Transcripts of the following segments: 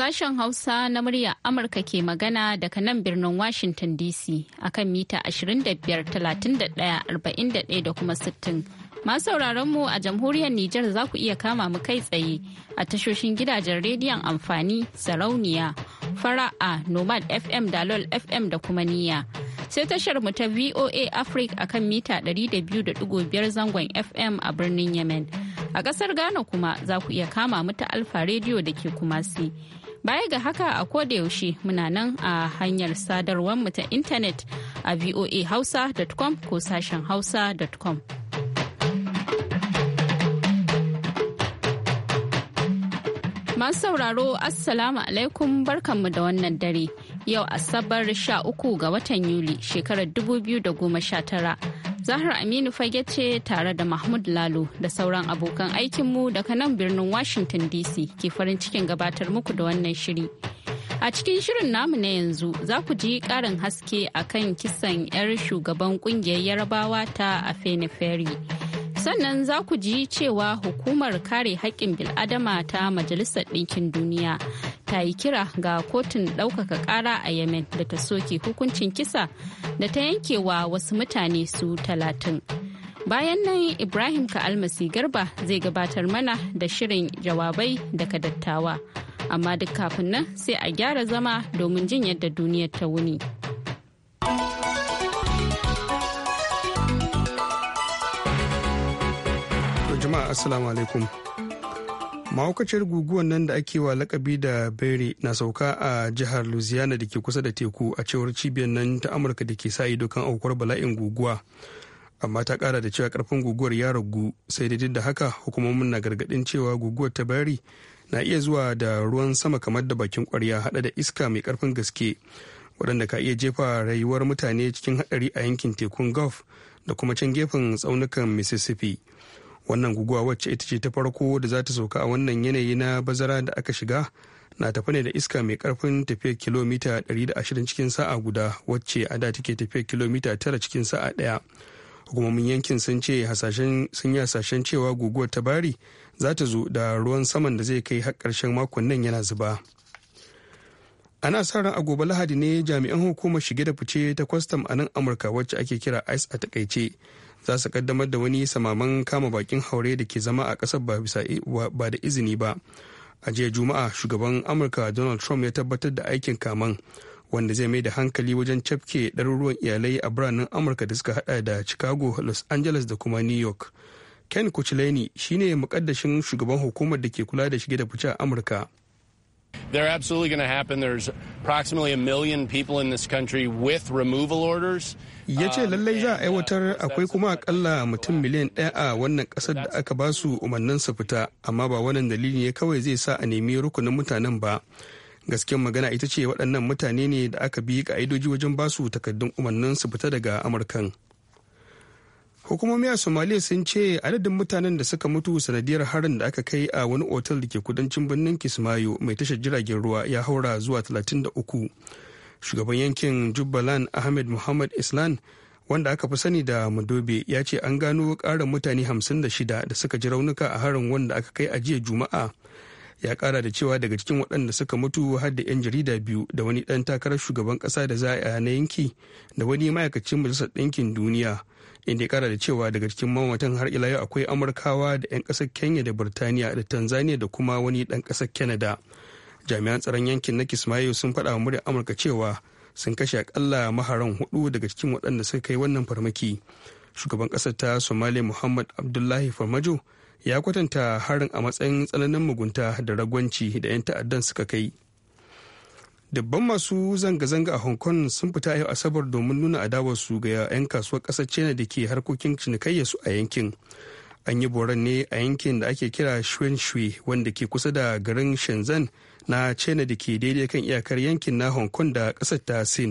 Sashen Hausa na murya Amurka ke magana daga nan birnin Washington DC a kan mita 25-31-41 da kuma 60. Masu mu a jamhuriyar Nijar za ku iya kama mu kai tsaye a tashoshin gidajen rediyon amfani sarauniya, fara'a, nomad FM, da lol FM da kuma niyya. sai tashar mu ta VOA Africa a kan mita 200.5 zangon FM a birnin Yemen. A ƙasar Ghana kuma za ku iya kama mu ta Alfa rediyo da ke Kumasi. Baya ga haka a yaushe muna nan a hanyar sadarwarmu ta intanet a voahausa.com ko sashen hausa.com. Masu sauraro Assalamu alaikum barkanmu da wannan dare. Yau Asabar 13 ga watan Yuli shekarar 2019. Zahra Aminu fage ce tare da Mahmud Lalo da sauran abokan aikinmu daga nan birnin Washington DC ke farin cikin gabatar muku da wannan shiri. A cikin shirin namu na yanzu za ku ji ƙarin haske a kan kisan 'yar shugaban ƙungiyar yarabawa ta a Ferry. sannan za ku ji cewa hukumar kare haƙƙin bil'adama ta majalisar ɗinkin duniya ta yi kira ga kotun ɗaukaka ƙara a yemen da ta soke hukuncin kisa da ta yankewa wasu mutane su talatin bayan nan ibrahim ka'almasi garba zai gabatar mana da shirin jawabai daga dattawa amma duk kafin nan sai a gyara zama domin jin yadda duniyar ta wuni. jama'a assalamu alaikum mahaukaciyar guguwar nan da ake wa lakabi da berry na sauka a jihar louisiana da ke kusa da teku a cewar cibiyar nan ta amurka da ke sa ido kan aukuwar bala'in guguwa amma ta kara da cewa karfin guguwar ya ragu sai da da haka hukumomin na gargadin cewa guguwar ta bari na iya zuwa da ruwan sama kamar da bakin kwarya hada da iska mai karfin gaske waɗanda ka iya jefa rayuwar mutane cikin haɗari a yankin tekun gulf da kuma can gefen tsaunukan mississippi wannan guguwa wacce ita ce ta farko da za ta sauka a wannan yanayi na bazara da aka shiga na tafi ne da iska mai karfin tafiyar kilomita 120 cikin sa'a guda wacce a da take tafiyar kilomita 9 cikin sa'a daya hukumomin yankin sun ce sun yi hasashen cewa guguwar ta bari za ta zo da ruwan saman da zai kai har karshen makon nan yana zuba ana sa ran a gobe lahadi ne jami'an hukumar shige da fice ta kwastam a nan amurka wacce ake kira ice a takaice za su kaddamar da wani samaman kama bakin haure da ke zama a ƙasar ba bisa ba da izini ba a jiya juma'a shugaban amurka donald trump ya tabbatar da aikin kaman wanda zai mai da hankali wajen cafke ɗaruruwan iyalai a biranen amurka da suka hada da chicago los angeles da kuma new york ken kuchileni shine mukaddashin shugaban hukumar da ke kula da shige da fice a amurka They're absolutely going to happen. There's approximately a million people in this country with removal orders. ya ce um, lallai za a uh, aiwatar akwai kuma akalla mutum miliyan ɗaya a wannan ƙasar da aka ba su umarnin su fita amma ba wannan dalili ne kawai zai sa a nemi rukunin mutanen ba gasken magana ita ce waɗannan mutane ne da aka bi ka'idoji wajen ba su takardun umarnin su fita daga amurkan. hukumomi a somaliya sun ce adadin mutanen da suka mutu sanadiyar harin da aka kai a wani otal da ke kudancin birnin kismayo mai tashar jiragen ruwa ya haura zuwa 33 shugaban yankin jubbaland ahmed muhammad islan wanda aka fi sani da madobe ya ce an gano karin mutane 56 da suka ji raunuka a harin wanda aka kai a jiya juma'a ya kara da cewa daga cikin waɗanda suka mutu har da 'yan jarida biyu da wani ɗan takarar shugaban ƙasa da za a na yanki da wani ma'aikacin majalisar ɗinkin duniya inda ya kara da cewa daga cikin mamatan har ila yau akwai amurkawa da 'yan kasar kenya da birtaniya da tanzania da kuma wani ɗan ƙasar canada jami'an tsaron yankin na kismayo sun faɗa wa muryar amurka cewa sun kashe akalla maharan hudu daga cikin waɗanda suka kai wannan farmaki shugaban ƙasar ta somali muhammad abdullahi farmajo ya kwatanta harin a matsayin tsananin mugunta da ragwanci da 'yan ta'addan suka kai dabban masu zanga-zanga a hong kong sun fita yau asabar domin nuna adawarsu ga 'yan kasuwar ƙasar china da ke harkokin cinikayya su a yankin an yi boran ne a yankin da ake kira shui wanda ke kusa da garin shenzhen na china da ke daidai kan iyakar yankin na hong kong da ƙasar ta sin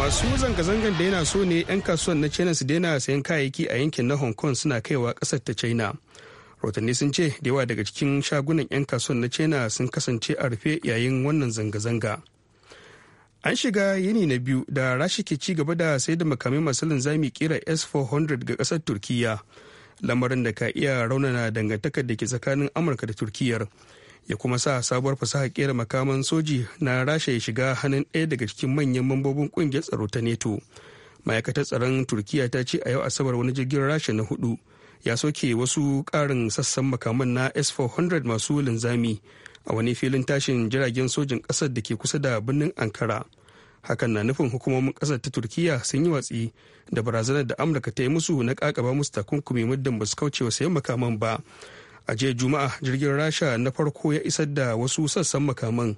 masu zanga-zangan da yana so ne 'yan kasuwar na china su daina sayan kayayyaki a yankin na hong kong suna kaiwa kasar ta china rahotanni sun ce da yawa daga cikin shagunan 'yan kasuwan na china sun kasance a rufe yayin wannan zanga-zanga an shiga yini na biyu da rashi ke ci gaba da sai da makamai masu linzami kira s-400 ga kasar turkiya lamarin da ka iya raunana dangantakar da ke tsakanin amurka da turkiyar ya kuma sa sabuwar fasaha kera makaman soji na rasha ya shiga hannun ɗaya daga cikin manyan mambobin kungiyar tsaro ta neto ma'aikatar tsaron turkiya ta ce a yau asabar wani jirgin rasha na hudu ya soke wasu ƙarin sassan makaman na S-400 masu linzami a wani filin tashin jiragen sojin ƙasar da ke kusa da birnin Ankara. Hakan na nufin hukumomin ƙasar ta turkiya sun yi watsi da barazanar da Amurka ta yi musu na ƙaƙaba musu takunkumi muddin ba su kauce wa sayan makaman ba. A jiya Juma'a jirgin Rasha na farko ya isar da wasu sassan makaman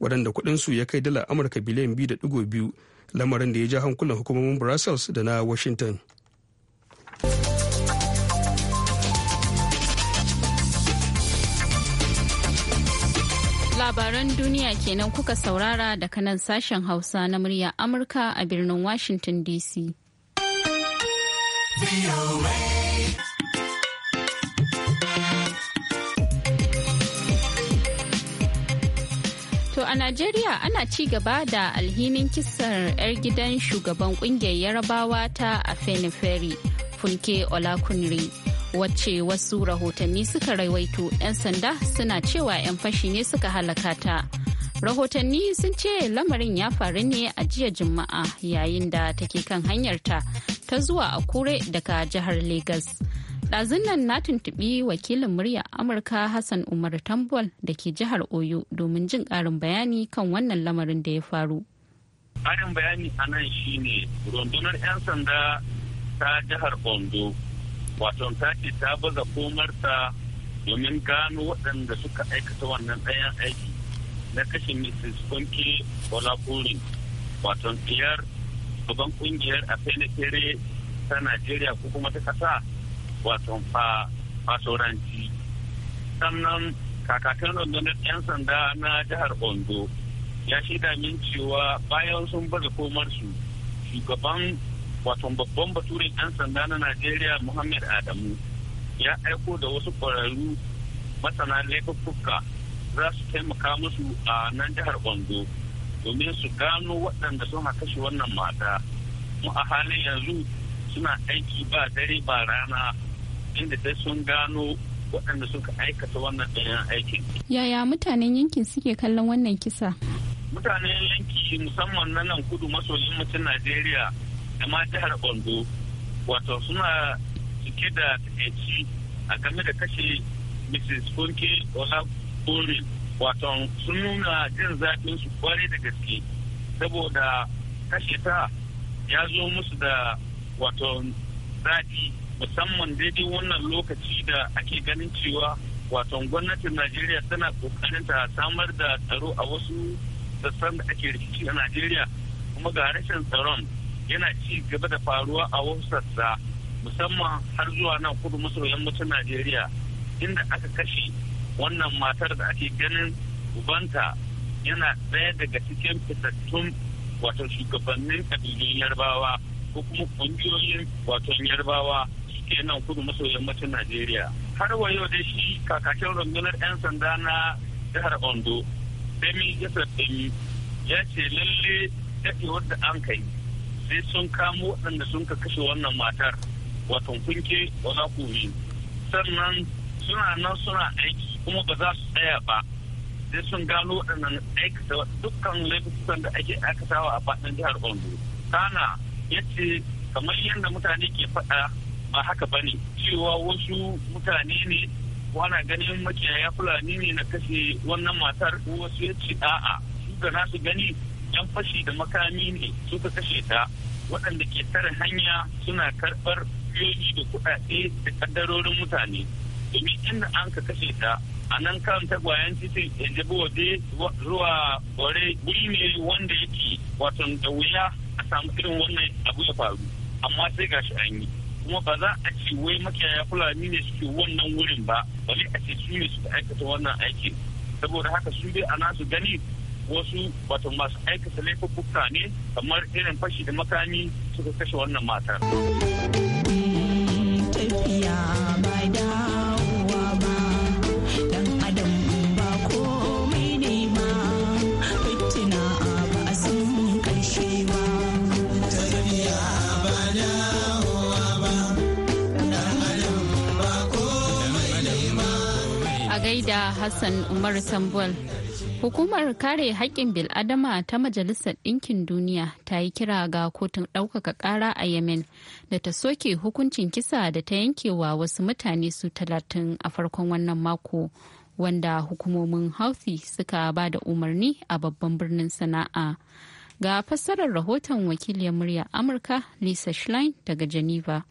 waɗanda kuɗinsu ya kai dala Amurka biliyan biyu da ɗigo biyu lamarin da ya ja hankulan hukumomin Brussels da na Washington. labaran duniya kenan kuka saurara daga nan sashen Hausa na murya Amurka a birnin Washington DC. To a Najeriya ana ci gaba da alhinin kisar 'yar gidan shugaban kungiyar yarabawa ta a Afeniferi, Funke Olakunri. wacce wasu rahotanni suka raiwaito 'yan sanda suna cewa 'yan fashi ne suka halaka ta. rahotanni sun ce lamarin ya faru ne a jiya juma'a yayin da take kan hanyarta ta zuwa a akure daga jihar legas ɗazun nan na tuntubi wakilin murya amurka hassan umar tambol da ke jihar oyo domin jin karin bayani kan wannan lamarin da ya faru ƙarin bayani a nan ne rundunar 'yan sanda ta jihar ondo wato tace ta baza komarta domin gano waɗanda suka aikata wannan ɗayan aiki na kashe mrs funke olakurin wato ɗiyar gaban ƙungiyar a fere ta najeriya ko kuma ta ƙasa wato fasoranci sannan kakakin rundunar 'yan sanda na jihar ondo ya shaida min cewa bayan sun baza komarsu shugaban wato babban baturin 'yan sanda na najeriya muhammad adamu ya aiko da wasu ƙwararru masana laifuka za su taimaka musu a nan jihar ondo domin su gano waɗanda suna kashe wannan mata mu a halin yanzu suna aiki ba dare ba rana inda dai sun gano waɗanda suka aikata wannan ɗayan aikin. Yaya mutanen yankin suke kallon wannan kisa? Mutanen yanki musamman na nan kudu maso yammacin Najeriya da ma jihar Ondo wato suna cike da takaici a game da kashe Mrs. Funke Olabori wato sun nuna jin zafin su kwarai da gaske saboda kashe ta ya zo musu da wato zafi musamman daidai wannan lokaci da ake ganin cewa wato gwamnatin Najeriya tana kokarin ta samar da tsaro a wasu sassan da ake rikici a Najeriya kuma ga rashin tsaron yana ci gaba da faruwa a wasarsa musamman har zuwa nan kudu maso yammacin najeriya inda aka kashe wannan matar da ake ganin ubanta yana ɗaya daga cikin fitattun wato shugabannin kabilun yarbawa ko kuma ƙungiyoyin wato yarbawa suke nan kudu maso yammacin najeriya har wa yau dai shi kakakin rundunar 'yan sanda na jihar ondo sai mi ya ce lalle daɗewar da an kai sai sun kamo waɗanda sun ka kashe wannan matar wato kunke wala za sannan suna nan suna aiki kuma ba za su tsaya ba sai sun gano waɗannan aikata dukkan laifukan da ake aikatawa a faɗin jihar Ondo. Kana ya ce kamar yadda mutane ke faɗa ba haka ba ne cewa wasu mutane ne wana ganin makiyaya fulani ne na kashe wannan matar wasu ya ce a'a su ga nasu gani yan fashi da makami ne suka kashe ta waɗanda ke tare hanya suna karɓar fiyoyi da kuɗaɗe da ƙaddarorin mutane domin inda an ka kashe ta a nan kan tagwayen titin yanzu waje zuwa ware guri ne wanda yake wato da wuya a samu irin wannan abu ya faru amma sai gashi an yi kuma ba za a ce wai makiyaya fulani ne suke wannan wurin ba bale a ce su ne suka aikata wannan aikin saboda haka su dai a nasu gani wasu wato masu aikata laifuffuka ne kamar irin fashi da makami suka kashe wannan matar. gaida Hassan Umar Tambol. Hukumar kare haƙƙin bil'adama ta Majalisar Ɗinkin Duniya ta yi kira ga kotun ɗaukaka ƙara a Yemen da ta soke hukuncin kisa da ta yankewa wasu mutane su talatin a farkon wannan mako wanda hukumomin Houthi suka ba da umarni a babban birnin sana'a. Ga fassarar rahoton wakiliyar murya Amurka Lisa Schlein daga Geneva.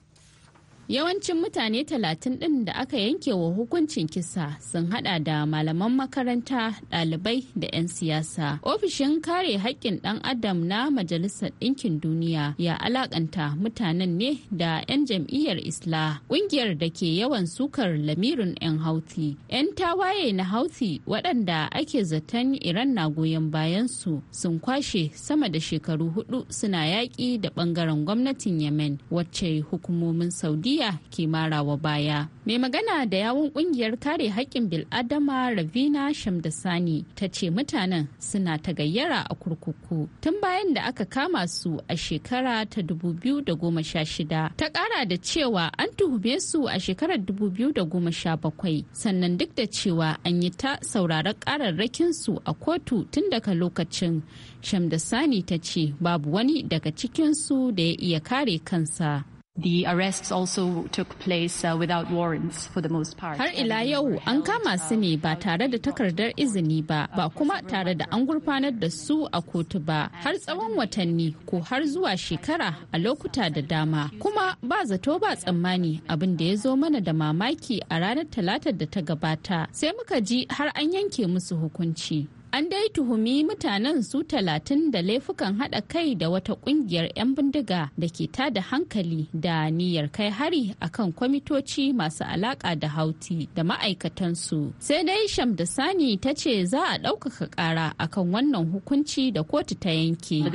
Yawancin mutane talatin ɗin da aka yanke wa hukuncin kisa sun haɗa da malaman makaranta, ɗalibai da 'yan siyasa. Ofishin kare haƙƙin ɗan adam na Majalisar Ɗinkin Duniya ya alaƙanta mutanen ne da 'yan jam'iyyar Isla, ƙungiyar da ke yawan sukar lamirin 'yan Hauti. 'Yan tawaye na Hauti waɗanda ake zaton Iran na goyon bayansu sun kwashe sama da shekaru hudu suna yaƙi da ɓangaren gwamnatin Yemen, wacce hukumomin Saudi iya ke wa baya. Mai magana da yawun kungiyar kare haƙƙin bil'adama Ravina Shamdasani ta ce mutanen suna ta gayyara a kurkuku tun bayan da aka kama su a shekara ta 2016. Ta ƙara da cewa an tuhume su a shekarar 2017 sannan duk da cewa an yi ta sauraron ƙararrakin su a kotu tun daga lokacin. Shamdasani ta ce babu wani daga cikinsu da ya iya kare kansa. The arrests also took place uh, without warrants for most part. Har ila yau an kama su ne ba tare da takardar izini ba, ba kuma tare da an gurfanar da su a kotu ba, har tsawon watanni ko har zuwa shekara a lokuta da dama. Kuma ba zato ba tsammani abin da ya zo mana da mamaki a ranar talatar da ta gabata, sai muka ji har an yanke musu hukunci. An dai tuhumi mutanen su talatin da laifukan haɗa kai da wata ƙungiyar 'yan bindiga da ke ta da hankali da niyyar kai hari akan kwamitoci masu alaka da hauti da ma'aikatansu. Sai dai sham da Sani ta ce za a ɗaukaka ƙara akan wannan hukunci da kotu ta yanke.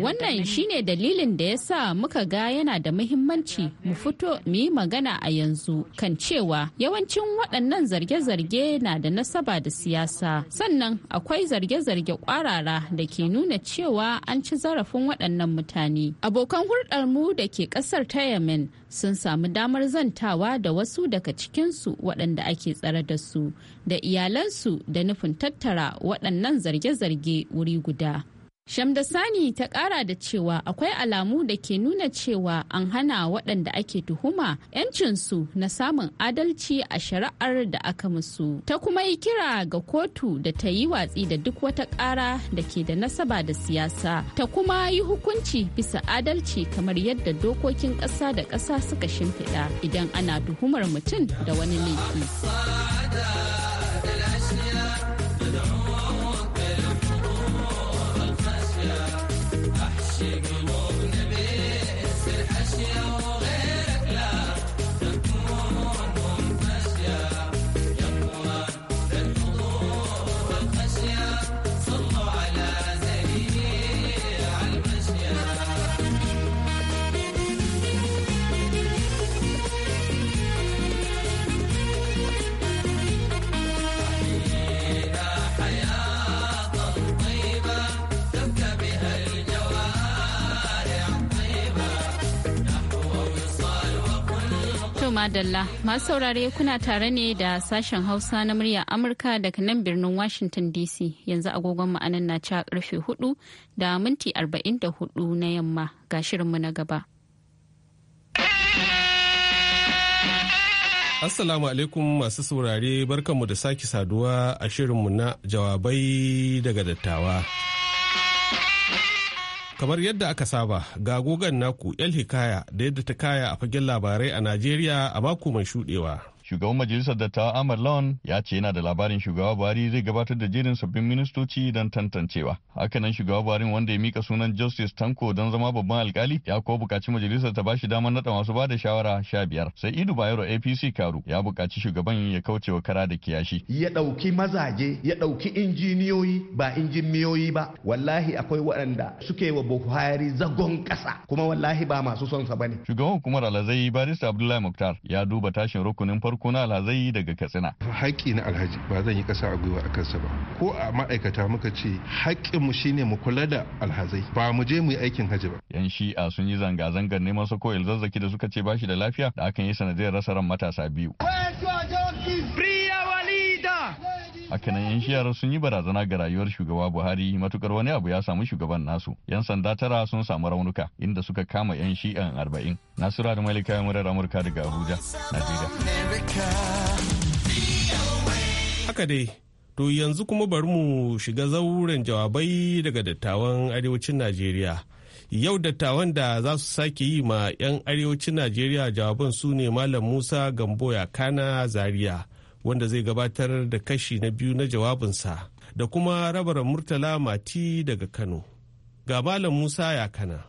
Wannan shine dalilin da ya sa muka ga yana da muhimmanci mu fito mu yi magana a yanzu kan cewa yawancin waɗannan zargi zarge-zarge na da nasaba da siyasa sannan akwai zarge-zarge kwarara da ke nuna cewa an ci zarafin waɗannan mutane abokan hulɗar mu da ke ƙasar ta yamen sun samu damar zantawa da wasu daga cikinsu waɗanda ake tsare da su da iyalansu da nufin tattara waɗannan zarge-zarge wuri guda shamdasani ta kara da cewa akwai alamu da ke nuna cewa an hana waɗanda ake tuhuma 'yancinsu na samun adalci a shari'ar da aka musu. Ta kuma yi kira ga kotu da ta yi watsi da duk wata ƙara da ke da nasaba da siyasa. Ta kuma yi hukunci bisa adalci kamar yadda dokokin ƙasa da ƙasa suka shimfiɗa idan ana tuhumar mutum da wani laifi. Madalla masu saurare kuna tare ne da sashen Hausa na murya Amurka daga nan birnin Washington DC yanzu agogon ma'anan na ca karfe 4 da minti 44 na yamma ga shirinmu na gaba. Assalamu alaikum masu saurare barkanmu da sake saduwa a shirinmu na jawabai daga dattawa. Kamar yadda aka saba, ga gogon naku 'yan Hikaya da yadda ta kaya a fagen labarai a Najeriya a mako mai shuɗewa. shugaban majalisar dattawa Ahmad Lawan ya ce yana da labarin shugaba Buhari zai gabatar da jerin sabbin ministoci don tantancewa. Hakanan shugaba Buhari wanda ya mika sunan Justice Tanko don zama babban alkali ya ko bukaci majalisar ta bashi damar nada masu ba da shawara sha biyar. Sai Idu Bayero APC Karu ya bukaci shugaban ya kauce wa kara da kiyashi. Ya ɗauki mazaje, ya ɗauki injiniyoyi ba injiniyoyi ba. Wallahi akwai waɗanda suke wa Buhari zagon ƙasa kuma wallahi ba masu son sa bane. Shugaban hukumar Alazai Barista Abdullahi Muktar ya duba tashin rukunin farko farko na alhazai daga katsina haƙƙi na alhaji ba zan yi ƙasa a gwiwa a kansa ba ko a ma'aikata muka ce shi shine mu kula da alhazai ba mu je mu yi aikin haji ba yan shi'a sun yi zanga-zangar neman sako zazzaki da suka ce bashi da lafiya da akan yi sanadiyar rasa ran matasa biyu hakanan yan shiyar sun yi barazana ga rayuwar shugaba buhari matukar wani abu ya samu shugaban nasu yan sanda tara sun samu raunuka inda suka kama yan shi'an arba'in nasura da malika murar amurka daga abuja najeriya haka dai to yanzu kuma bari mu shiga zauren jawabai daga dattawan arewacin najeriya yau dattawan da za su sake yi ma 'yan arewacin najeriya jawaban su ne malam musa gamboya kana zaria wanda zai gabatar da kashi na biyu na jawabinsa da kuma rabar murtala mati daga kano ga malam musa yakana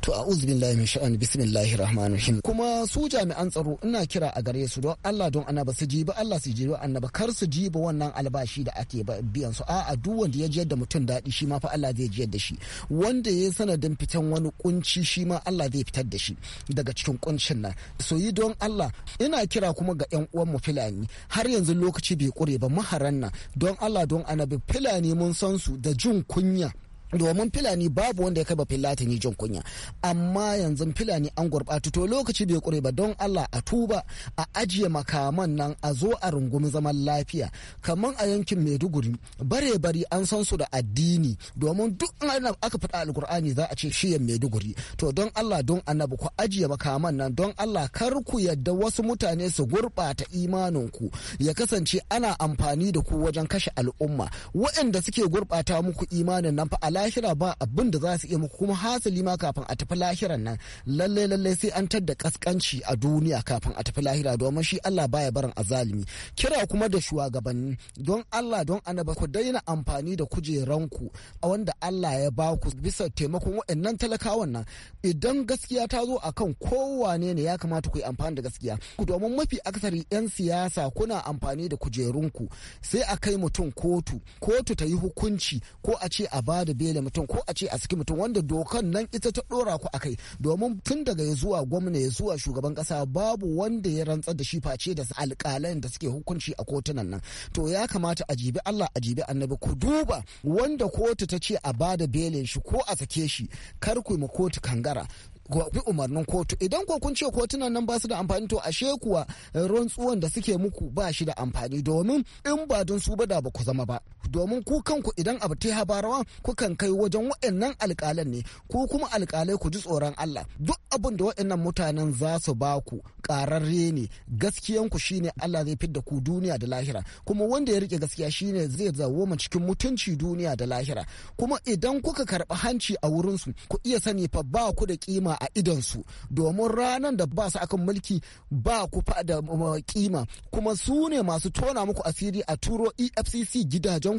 to a uzbillahi min sha'an bismillahi rahmanu rahim kuma su jami'an tsaro ina kira a gare su don Allah don annaba su ji ba Allah su ji ba annaba kar su ji ba wannan albashi da ake biyan su a'a duk wanda ya ji da mutum daɗi shi ma fa Allah zai ji da shi wanda ya sanadin fitan wani kunci shi ma Allah zai fitar da shi daga cikin kuncin nan so yi don Allah ina kira kuma ga yan uwan mu Fulani har yanzu lokaci bai kure ba maharan nan don Allah don annabi Fulani mun san su da jin kunya domin filani babu wanda ya kai ba filatani jin kunya amma yanzu filani an gurɓatu to lokaci bai kure ba don Allah a tuba a ajiye makaman nan a zo a rungumi zaman lafiya kamar a yankin Maiduguri bare bari an san su da addini domin duk aka fada alkur'ani za a ce shiyan Maiduguri to don Allah don annabi ku ajiye makaman nan don Allah kar ku yadda wasu mutane su gurɓata imanin ku ya kasance ana amfani da ku wajen kashe al'umma waɗanda suke gurɓata muku imanin nan fa lahira ba abin da za su iya kuma hasali ma kafin a tafi lahiran nan lallai lallai sai an tadda kaskanci a duniya kafin a tafi lahira domin shi Allah baya barin azalimi kira kuma da shugabanni don Allah don anaba ku daina amfani da kujeranku a wanda Allah ya ba ku bisa taimakon waɗannan talakawan nan idan gaskiya ta zo akan kowane ne ya kamata ku yi amfani da gaskiya domin mafi akasari 'yan siyasa kuna amfani da kujerunku sai a kai mutum kotu kotu ta yi hukunci ko a ce a bada da ne mutum ko a ce a saki mutum wanda dokan nan ita ta dora ku akai domin tun daga ya zuwa gwamna ya zuwa shugaban kasa babu wanda ya rantsar da shi face da alƙalan da suke hukunci a kotunan nan to ya kamata a jibi Allah a jibi annabi ku duba wanda kotu ta ce a bada belin shi ko a sake shi kar ku ma kotu kangara bi umarnin kotu idan ko kun ce kotunan nan ba su da amfani to ashe kuwa rantsuwan da suke muku ba shi da amfani domin in ba don su ba da ba ku zama ba domin ku kanku idan abu ta habarawa kukan kai wajen waɗannan alƙalan ne ku kuma alƙalai ku ji tsoron Allah duk abin da waɗannan mutanen za su ba ku ƙararre ne gaskiyanku shine Allah zai fidda ku duniya da lahira kuma wanda ya rike gaskiya shine zai zawo mu cikin mutunci duniya da lahira kuma idan kuka karɓi hanci a wurin su. ku iya sani fa ba ku da kima a su. domin ranar da ba su akan mulki ba ku fa da kima um, um, kuma su ne masu tona muku asiri a turo EFCC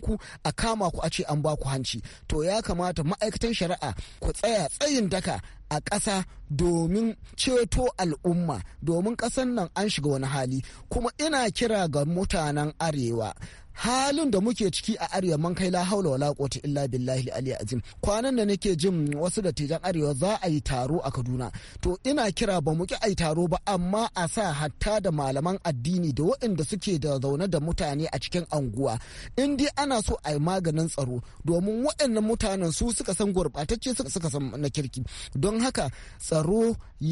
ku. a kama ku a ce an ba ku hanci to ya kamata ma'aikatan shari'a ku tsaya tsayin daka a ƙasa domin ceto al'umma domin ƙasan nan an shiga wani hali kuma ina kira ga mutanen arewa halin da muke ciki a arewa man kai la haula wala quwwata illa billahi ali azim kwanan da nake jin wasu da tijan arewa za a yi taro a Kaduna to ina kira ba mu ki yi taro ba amma a sa hatta da malaman addini da waɗanda suke da zaune da mutane a cikin anguwa in dai ana so a yi maganin tsaro domin waɗannan mutanen su suka san gurɓatacce suka san na kirki don haka tsaro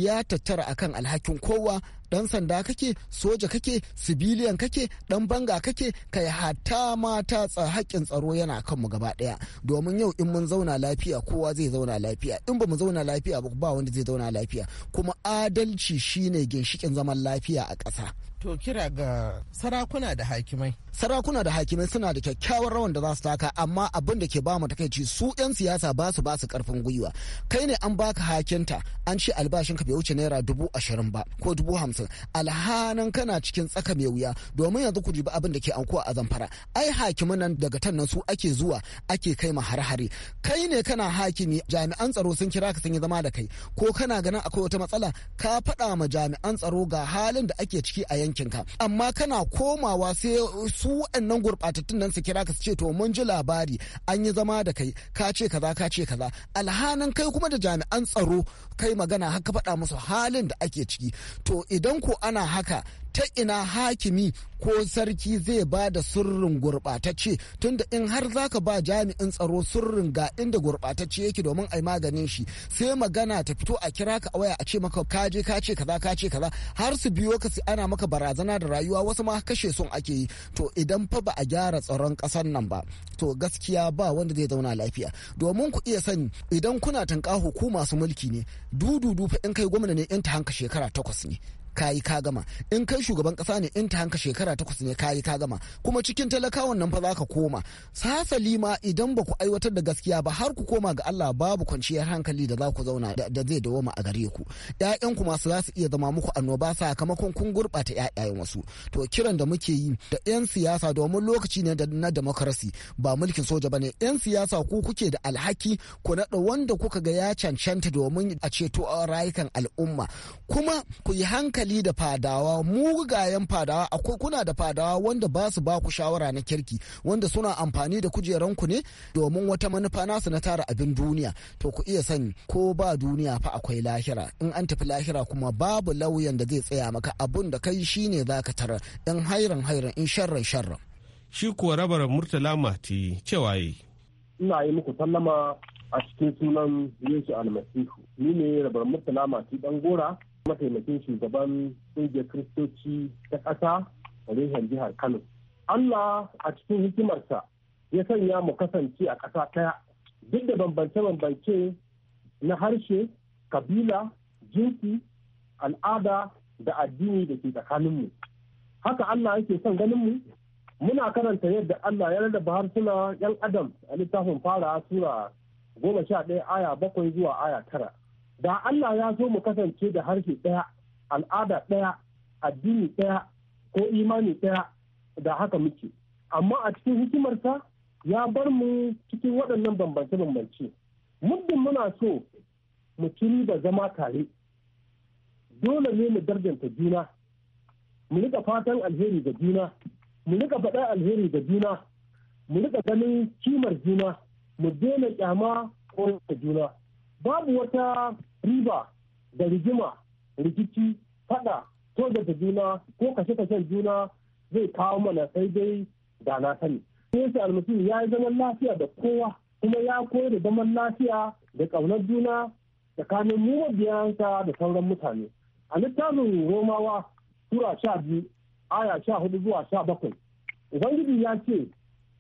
ya tattara akan alhakin kowa dan sanda kake soja kake sibiliyan kake dan banga kake kai hata mata haƙƙin tsaro yana kan mu gaba ɗaya domin yau in mun zauna lafiya kowa zai zauna lafiya in ba mu zauna lafiya ba wanda zai zauna lafiya kuma adalci shine ginshikin zaman lafiya a ƙasa To kira ga sarakuna da hakimai. Sarakuna da hakimai suna da kyakkyawar rawan da za su taka amma abin da ke ba mu takaici su 'yan siyasa ba su ba su karfin gwiwa. Kai ne an baka hakinta an ce ka bai wuce naira dubu ashirin ba ko dubu hamsin alhanan kana cikin tsaka mai wuya domin yanzu ku jibi abin da ke ankuwa a zamfara. Ai hakiman nan daga tan nan su ake zuwa ake kai ma har-hare. Kai ne kana hakimi jami'an tsaro sun kira ka sun yi zama da kai ko kana ganin akwai wata matsala ka faɗa ma jami'an tsaro ga halin da ake ciki a yankinka amma kana komawa sai su waɗannan gurbatattun nan su kira ka su ce to mun ji labari an yi zama da kai ka ce kaza ka ce kaza alhanin kai kuma da jami'an tsaro kai magana haka faɗa musu halin da ake ciki to idan ko ana haka ta ina hakimi ko sarki zai ba da sirrin gurɓatacce tunda in har zaka ba jami'in tsaro sirrin ga inda gurɓatacce yake domin a yi maganin shi sai magana ta fito a kira ka a waya a ce maka kaje je ka ce kaza ka ce kaza har su biyo ka su ana maka barazana da rayuwa wasu ma kashe sun ake yi to idan fa ba a gyara tsaron kasar nan ba to gaskiya ba wanda zai zauna lafiya domin ku iya sani idan kuna tanka hukuma su mulki ne dududu fa in kai gwamna ne in ta hanka shekara takwas ne kayi ka gama in kai shugaban kasa ne in ta hanka shekara takwas ne kayi ka gama kuma cikin talakawan nan fa za ka koma sasali ma idan ba ku aiwatar da gaskiya ba har ku koma ga Allah babu kwanciyar hankali da za ku zauna da zai dawoma a gare ku ƴaƴan ku masu za su iya zama muku annoba sakamakon kun gurɓata ƴaƴayen wasu to kiran da muke yi da 'yan siyasa domin lokaci ne na demokarasi ba mulkin soja ba ne 'yan siyasa ku kuke da alhaki ku naɗa wanda kuka ga ya cancanta domin a ceto rayukan al'umma kuma ku yi hankali hali da fadawa mugayen fadawa akwai kuna da fadawa wanda ba su ba shawara na kirki wanda suna amfani da kujeranku ne domin wata manufa nasu na tara abin duniya to ku iya sani ko ba duniya fa akwai lahira in an tafi lahira kuma babu lauyan da zai tsaya maka abun da kai shine zaka tara in hairan hairan in sharran sharran shi kuwa rabar murtala mati cewa yi ina yi muku sallama a cikin sunan yesu almasihu ni ne rabar murtala mati dan gora mataimakin shugaban ƙungiyar kiristoci ta ƙasa a reshen jihar kano allah a cikin hikimarsa ya sanya mu kasance a ƙasa ɗaya duk da bambance-bambance na harshe kabila jinsi al'ada da addini da ke tsakaninmu haka allah yake son ganinmu muna karanta yadda allah ya rarraba harsuna yan adam a littafin fara sura goma sha ɗaya aya bakwai zuwa aya tara da Allah ya so mu kasance da harshe ɗaya al'ada ɗaya addini ɗaya ko imani ɗaya da haka muke amma a cikin hikimarsa ya bar mu cikin waɗannan bambance-bambance muddin muna so mu ciri da zama tare dole ne mu darjanta juna mu rika fatan alheri da juna mu rika faɗa alheri da juna mu rika ganin kimar juna mu daina kyama ko juna babu wata riba da rigima rikici fada ko da juna ko kashe kashen juna zai kawo mana sai dai da na sani yesu almasihu ya yi zaman lafiya da kowa kuma ya koyar da zaman lafiya da ƙaunar juna tsakanin mu mabiyansa da sauran mutane a littafin romawa tura sha biyu aya sha hudu zuwa sha bakwai ubangiji ya ce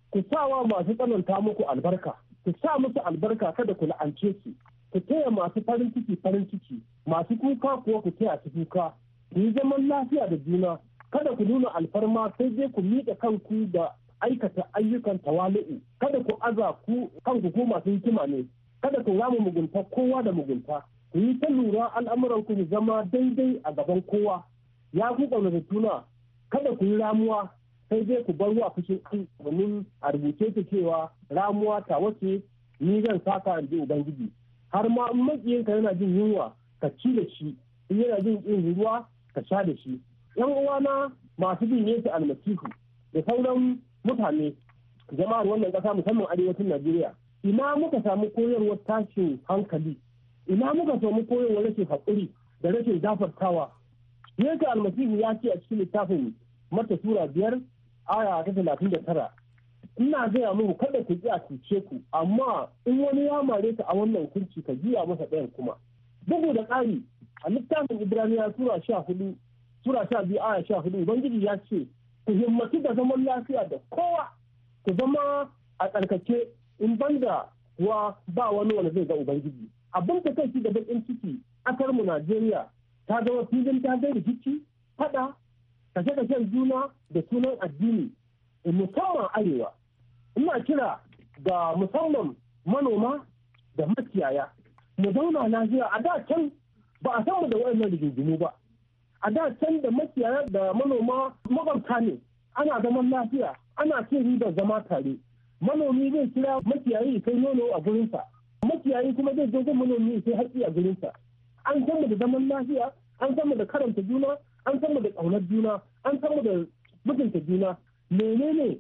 ku sa wa masu tsananta muku albarka ku sa musu albarka kada ku la'ance su ku taya masu farin ciki farin ciki masu kuka kuwa ku taya su kuka ku yi zaman lafiya da juna kada ku nuna alfarma sai dai ku miƙa kanku da aikata ayyukan tawali'u kada ku aza ku kanku ko masu hikima ne kada ku rama mugunta kowa da mugunta ku yi ta lura al'amuran ku zama daidai a gaban kowa ya ku da juna kada ku yi ramuwa sai dai ku bar wa fushin domin a rubuce ta cewa ramuwa ta wace ni zan saka in ji ubangiji har ma makiyinka yana jin yunwa ka ci da shi in yana jin yin ruwa ka sha da shi yan uwana masu bin yesu almasihu da sauran mutane jama'ar wannan ƙasa musamman arewacin najeriya ina muka samu koyarwar tashin hankali ina muka samu koyarwar rashin haƙuri da rashin gafartawa yesu almasihu ya ce a cikin littafin mata sura biyar aya ta talatin da tara ina gaya muku kada ku ji a cuce ku amma in wani ya mare ka a wannan hukunci ka giya masa ɗayan kuma bugu da ƙari a littafin ibraniya sura sha hudu sura sha biyu aya sha hudu ubangiji ya ce ku himmatu da zaman lafiya da kowa ku zama a tsarkake in banda kuwa ba wani wanda zai ga ubangiji abin da kai shi da bakin ciki kasar mu najeriya ta zama filin ta zai rikici fada kashe kashen juna da sunan addini musamman arewa ina kira da musamman manoma da makiyaya mu zauna lafiya a da can ba a san mu da wayannan rigingimu ba a da can da makiyaya da manoma mabarta ne ana zaman lafiya ana cin ribar zama tare manomi zai kira makiyayi kai nono a gurinsa makiyayi kuma zai zo manomi kai haƙƙi a gurinsa an san mu da zaman lafiya an san mu da karanta juna an san mu da ƙaunar juna an san mu da mutunta juna menene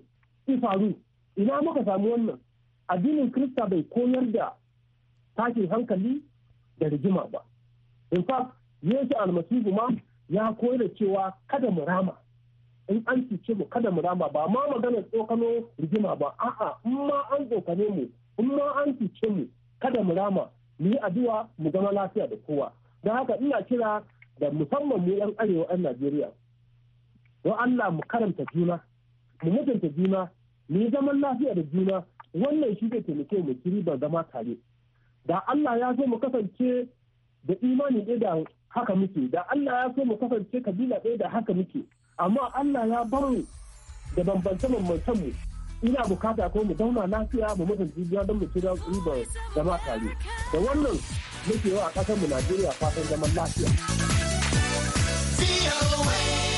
faru ina muka samu wannan addinin kirista bai koyar da tashin hankali da rigima ba in fact yesu almasihu ma ya koyar da cewa kada mu rama in an cuce mu kada mu rama ba ma maganar tsokano rigima ba a'a in ma an tsokane mu in ma an cuce mu kada mu rama mu yi addu'a mu zama lafiya da kowa don haka ina kira da musamman mu yan arewa yan najeriya don allah mu karanta juna mu mutunta juna ni zaman lafiya da juna wannan shi zai taimake mu kiri ban zama tare da Allah ya so mu kasance da imani ɗaya da haka muke da Allah ya so mu kasance kabila ɗaya da haka muke amma Allah ya bar mu da bambance bambancen mu ina bukata ko mu zauna lafiya mu mutum juna don mu kira ribar zama tare da wannan muke yau a ƙasar mu Najeriya fatan zaman lafiya.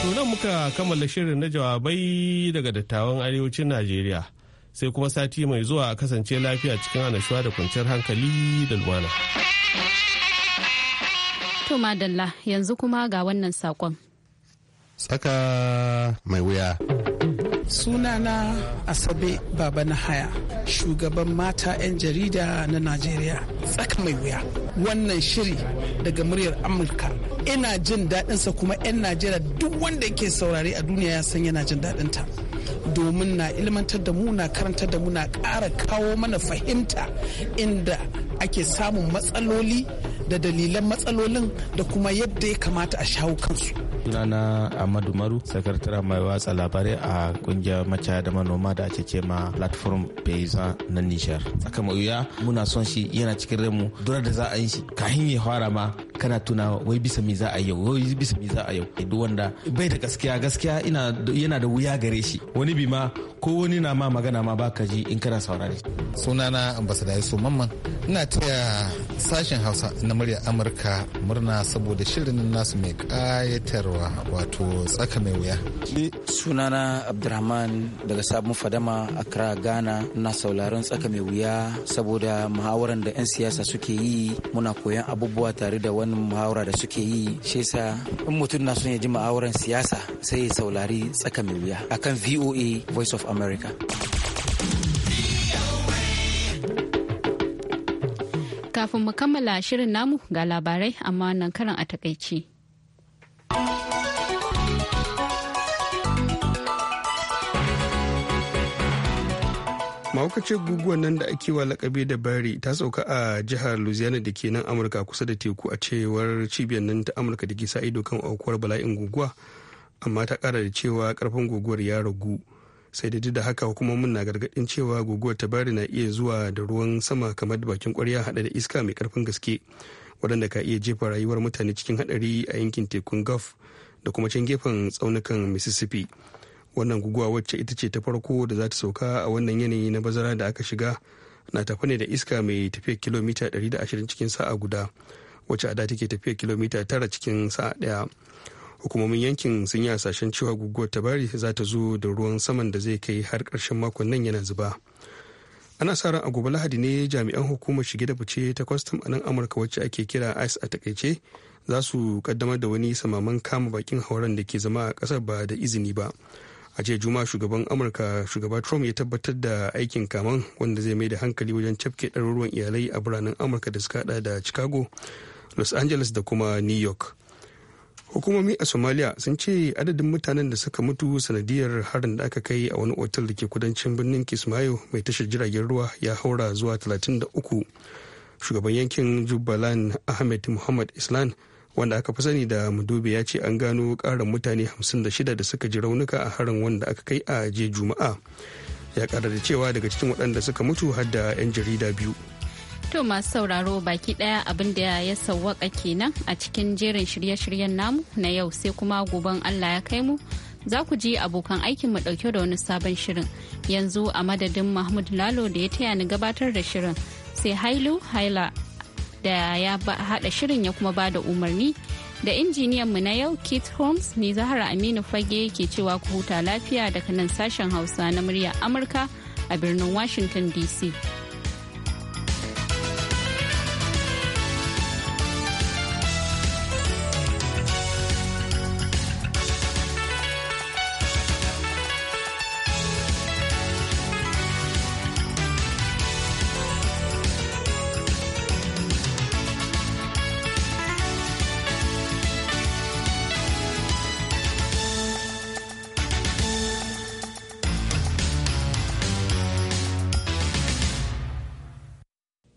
Tunan muka kammala shirin na jawabai daga dattawan arewacin Najeriya. Sai kuma sati mai zuwa a kasance lafiya cikin annashuwa da kwanciyar hankali da lumana. To madalla yanzu kuma ga wannan saƙon. Tsaka mai wuya. sunana asabe baba na haya shugaban mata 'yan jarida na najeriya tsaka mai wuya wannan shiri daga muryar amurka ina jin daɗinsa kuma 'yan najeriya duk wanda yake saurare a duniya ya san yana jin daɗinta domin na ilmantar da mu na karantar da mu na ƙara kawo mana fahimta inda ake samun matsaloli da dalilan matsalolin da kuma yadda ya kamata a shawo kansu sunana Ahmadu Maru, sakataren mai watsa labarai a kungiyar macaya da manoma da ake ce ma platform Paysan na Nijar. Tsaka mai wuya muna son shi yana cikin ranmu durar da za a yi shi kahin ya fara ma kana tuna wai bisa me za a yau wai bisa me za a yau duk wanda bai da gaskiya gaskiya ina yana da wuya gare shi wani bi ma ko wani na ma magana ma baka ji in kana saurare sunana ambassador Yusuf Mamman ina taya sashen hausa na murya amurka murna saboda shirin nasu mai kayatarwa wato tsaka mai wuya sunana abdurrahman daga sabon fadama a accra ghana na sauraron tsaka mai wuya saboda muhawaran da 'yan siyasa suke yi muna koyan abubuwa tare da wani muhawara da suke yi shi yasa in mutum na son ya ji muhawaran siyasa sai ya saurari tsaka mai wuya akan voa voice of america kafin mu kammala shirin namu ga labarai amma nan karan a takaici. mahaukacin guguwan nan da ake wa lakabi da bari ta sauka a jihar louisiana da ke nan amurka kusa da teku a cewar cibiyar nan ta amurka da ke sa ido kan aukuwar bala'in guguwa amma ta kara da cewa karfin guguwar ya ragu sai da da haka hukumomin na gargadin cewa guguwar tabari na iya zuwa da ruwan sama kamar bakin kwarya hada da iska mai karfin gaske waɗanda ka iya jefa rayuwar mutane cikin hadari a yankin tekun gulf da kuma can gefen tsaunukan mississippi wannan guguwa wacce ita ce ta farko da za ta sauka a wannan yanayi na bazara da aka shiga na tafi ne da iska mai tafiya kilomita 120 cikin sa'a guda wacce a da take tafiya kilomita 9 cikin sa'a daya hukumomin yankin sun yi hasashen cewa guguwar tabari za ta zo da ruwan saman da zai kai har karshen makon nan yana zuba ana sa ran a gobe lahadi ne jami'an hukumar shige da fice ta kwastam a nan amurka wacce ake kira ice a takaice za su kaddamar da wani samaman kama bakin hauren da ke zama a kasar ba da izini ba a jiya juma shugaban amurka shugaba trump ya tabbatar da aikin kaman wanda zai mai da hankali wajen cafke ɗaruruwan iyalai a biranen amurka da suka hada da chicago los angeles da kuma new york hukumomi a somalia sun ce adadin mutanen da suka mutu sanadiyar harin da aka kai a wani otal da ke kudancin birnin kismayo mai tashar jiragen ruwa ya haura zuwa 33 shugaban yankin jubbaland ahmed muhammad islam wanda aka fi sani da mudobe ya ce an gano karin mutane 56 da suka ji raunuka a harin wanda aka kai a jiya juma'a ya kara da cewa daga cikin waɗanda suka mutu har da 'yan jarida biyu To masu sauraro baki daya abin da ya sauwaka kenan a cikin jerin shirye-shiryen namu na yau sai kuma goben Allah ya kai mu za ku ji abokan aikin mu dauke da wani sabon shirin yanzu a madadin Mahmud Lalo da ya taya ni gabatar da shirin sai Hailu Haila da ya hada shirin ya kuma bada umarni da injiniyan mu na yau Keith Holmes ni Zahara Aminu Fage ke cewa ku huta lafiya daga nan sashen Hausa na murya Amurka a birnin Washington DC.